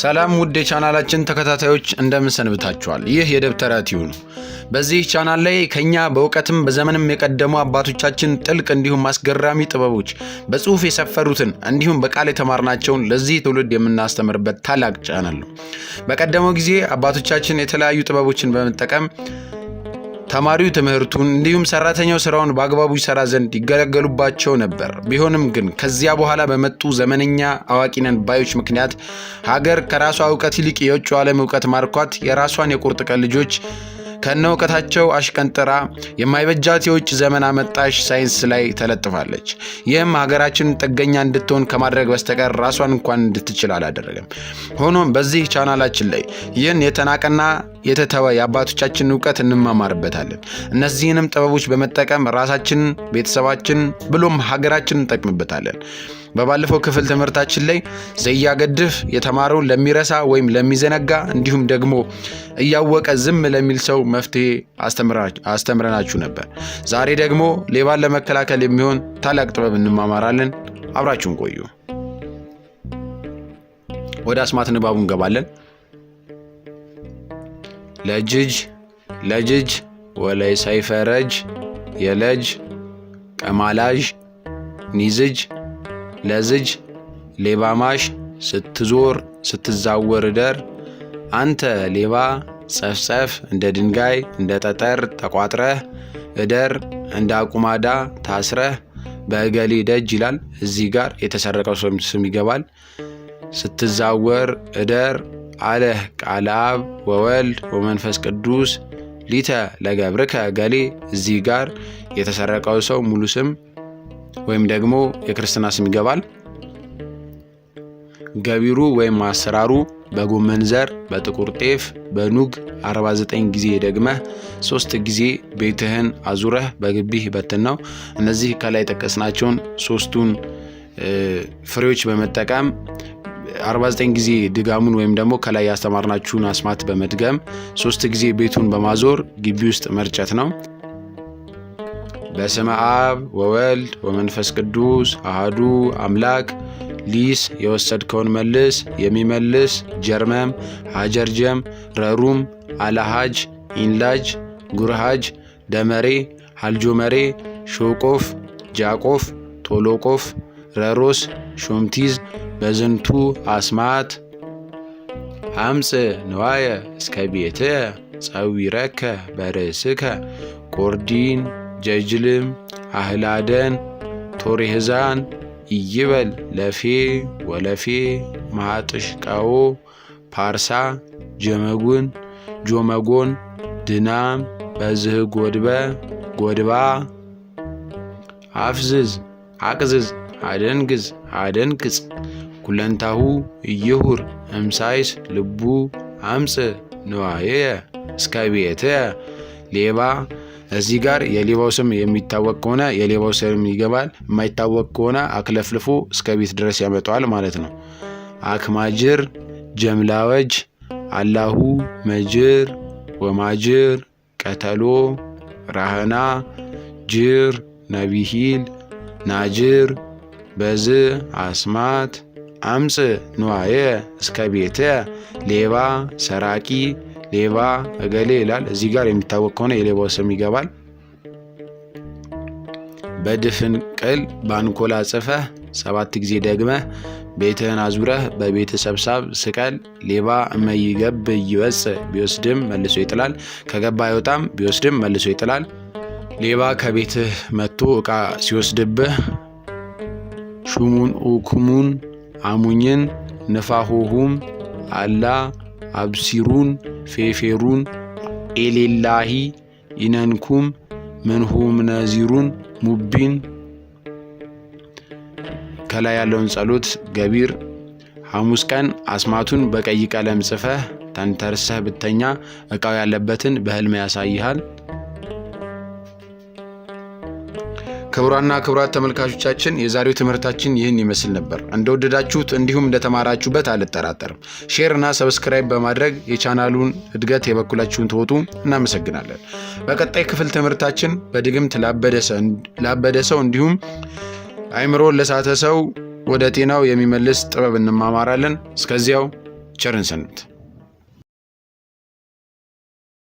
ሰላም ውድ የቻናላችን ተከታታዮች እንደምን ሰንብታችኋል? ይህ የደብተራ ቲዩ ነው። በዚህ ቻናል ላይ ከኛ በእውቀትም በዘመንም የቀደሙ አባቶቻችን ጥልቅ እንዲሁም አስገራሚ ጥበቦች በጽሁፍ የሰፈሩትን እንዲሁም በቃል የተማርናቸውን ለዚህ ትውልድ የምናስተምርበት ታላቅ ቻናል ነው። በቀደመው ጊዜ አባቶቻችን የተለያዩ ጥበቦችን በመጠቀም ተማሪው ትምህርቱን እንዲሁም ሰራተኛው ስራውን በአግባቡ ይሰራ ዘንድ ይገለገሉባቸው ነበር። ቢሆንም ግን ከዚያ በኋላ በመጡ ዘመነኛ አዋቂነን ባዮች ምክንያት ሀገር ከራሷ እውቀት ይልቅ የውጭ ዓለም እውቀት ማርኳት የራሷን የቁርጥ ቀን ልጆች ከነ እውቀታቸው አሽቀንጥራ የማይበጃት የውጭ ዘመን አመጣሽ ሳይንስ ላይ ተለጥፋለች። ይህም ሀገራችን ጥገኛ እንድትሆን ከማድረግ በስተቀር ራሷን እንኳን እንድትችል አላደረገም። ሆኖም በዚህ ቻናላችን ላይ ይህን የተናቀና የተተወ የአባቶቻችንን እውቀት እንማማርበታለን። እነዚህንም ጥበቦች በመጠቀም ራሳችን፣ ቤተሰባችንን ብሎም ሀገራችንን እንጠቅምበታለን። በባለፈው ክፍል ትምህርታችን ላይ ዘያገድፍ የተማረውን ለሚረሳ ወይም ለሚዘነጋ እንዲሁም ደግሞ እያወቀ ዝም ለሚል ሰው መፍትሄ አስተምረናችሁ ነበር። ዛሬ ደግሞ ሌባን ለመከላከል የሚሆን ታላቅ ጥበብ እንማማራለን። አብራችሁን ቆዩ። ወደ አስማት ንባቡ እንገባለን። ለጅጅ ለጅጅ ወላይ ሳይፈረጅ የለጅ ቀማላዥ ኒዝጅ ለዝጅ ሌባማሽ ስትዞር ስትዛወር እደር አንተ ሌባ ጸፍጸፍ እንደ ድንጋይ እንደ ጠጠር ተቋጥረህ እደር እንደ አቁማዳ ታስረህ በእገሌ ደጅ ይላል። እዚህ ጋር የተሰረቀው ስም ይገባል። ስትዛወር እደር አለህ ቃለ አብ ወወልድ ወመንፈስ ቅዱስ ሊተ ለገብርከ ገሌ። እዚህ ጋር የተሰረቀው ሰው ሙሉ ስም ወይም ደግሞ የክርስትና ስም ይገባል። ገቢሩ ወይም አሰራሩ በጎመን ዘር፣ በጥቁር ጤፍ፣ በኑግ 49 ጊዜ ደግመህ ሶስት ጊዜ ቤትህን አዙረህ በግቢህ በትን ነው። እነዚህ ከላይ ጠቀስናቸውን ሶስቱን ፍሬዎች በመጠቀም 49 ጊዜ ድጋሙን ወይም ደግሞ ከላይ ያስተማርናችሁን አስማት በመድገም ሶስት ጊዜ ቤቱን በማዞር ግቢ ውስጥ መርጨት ነው። በስመ አብ ወወልድ ወመንፈስ ቅዱስ አህዱ አምላክ ሊስ የወሰድከውን መልስ የሚመልስ ጀርመም ሀጀርጀም ረሩም አላሃጅ ኢንላጅ ጉርሃጅ ደመሬ ሃልጆመሬ ሾቆፍ ጃቆፍ ቶሎቆፍ ረሮስ ሾምቲዝ በዝንቱ አስማት አምፅ ንዋየ እስከ ቤት ጸዊረከ በርእስከ ቆርዲን ጀጅልም አህላደን ቶሬህዛን ይይበል ለፌ ወለፌ ቀዎ ፓርሳ ጀመጉን ጆመጎን ድናም በዝህ ጎድበ ጎድባ አፍዝዝ አቅዝዝ አደንግዝ አደንግጽ ኩለንታሁ እየሁር እምሳይስ ልቡ አምጽ ንዋየ እስከ ቤት ሌባ እዚህ ጋር የሌባው ስም የሚታወቅ ከሆነ የሌባው ስም ይገባል። የማይታወቅ ከሆነ አክለፍልፎ እስከ ቤት ድረስ ያመጣዋል ማለት ነው። አክማጅር ጀምላወጅ አላሁ መጅር ወማጅር ቀተሎ ራህና ጅር ነቢሂል ናጅር በዝ አስማት አምፅ ንዋየ እስከ ቤተ ሌባ ሰራቂ ሌባ እገሌ ይላል። እዚህ ጋር የሚታወቅ ከሆነ የሌባው ስም ይገባል። በድፍን ቅል ባንኮላ ጽፈህ ሰባት ጊዜ ደግመህ ቤትህን አዙረህ በቤት ሰብሳብ ስቀል። ሌባ እመይገብ ይወፅ ቢወስድም መልሶ ይጥላል። ከገባ አይወጣም ቢወስድም መልሶ ይጥላል። ሌባ ከቤትህ መጥቶ እቃ ሲወስድብህ ሹሙን ኡኩሙን አሙኝን፣ ንፋሆሁም፣ አላ፣ አብሲሩን፣ ፌፌሩን፣ ኤሌላሂ፣ ኢነንኩም፣ መንሁም፣ ነዚሩን፣ ሙቢን ከላይ ያለውን ጸሎት ገቢር ሐሙስ ቀን አስማቱን በቀይ ቀለም ጽፈህ ተንተርሰህ ብተኛ እቃው ያለበትን በህልም ያሳይሃል። ክቡራና ክቡራት ተመልካቾቻችን የዛሬው ትምህርታችን ይህን ይመስል ነበር። እንደወደዳችሁት እንዲሁም እንደተማራችሁበት አልጠራጠርም። ሼር እና ሰብስክራይብ በማድረግ የቻናሉን እድገት የበኩላችሁን ተወጡ። እናመሰግናለን። በቀጣይ ክፍል ትምህርታችን በድግምት ላበደ ሰው እንዲሁም አእምሮን ለሳተ ሰው ወደ ጤናው የሚመልስ ጥበብ እንማማራለን። እስከዚያው ቸር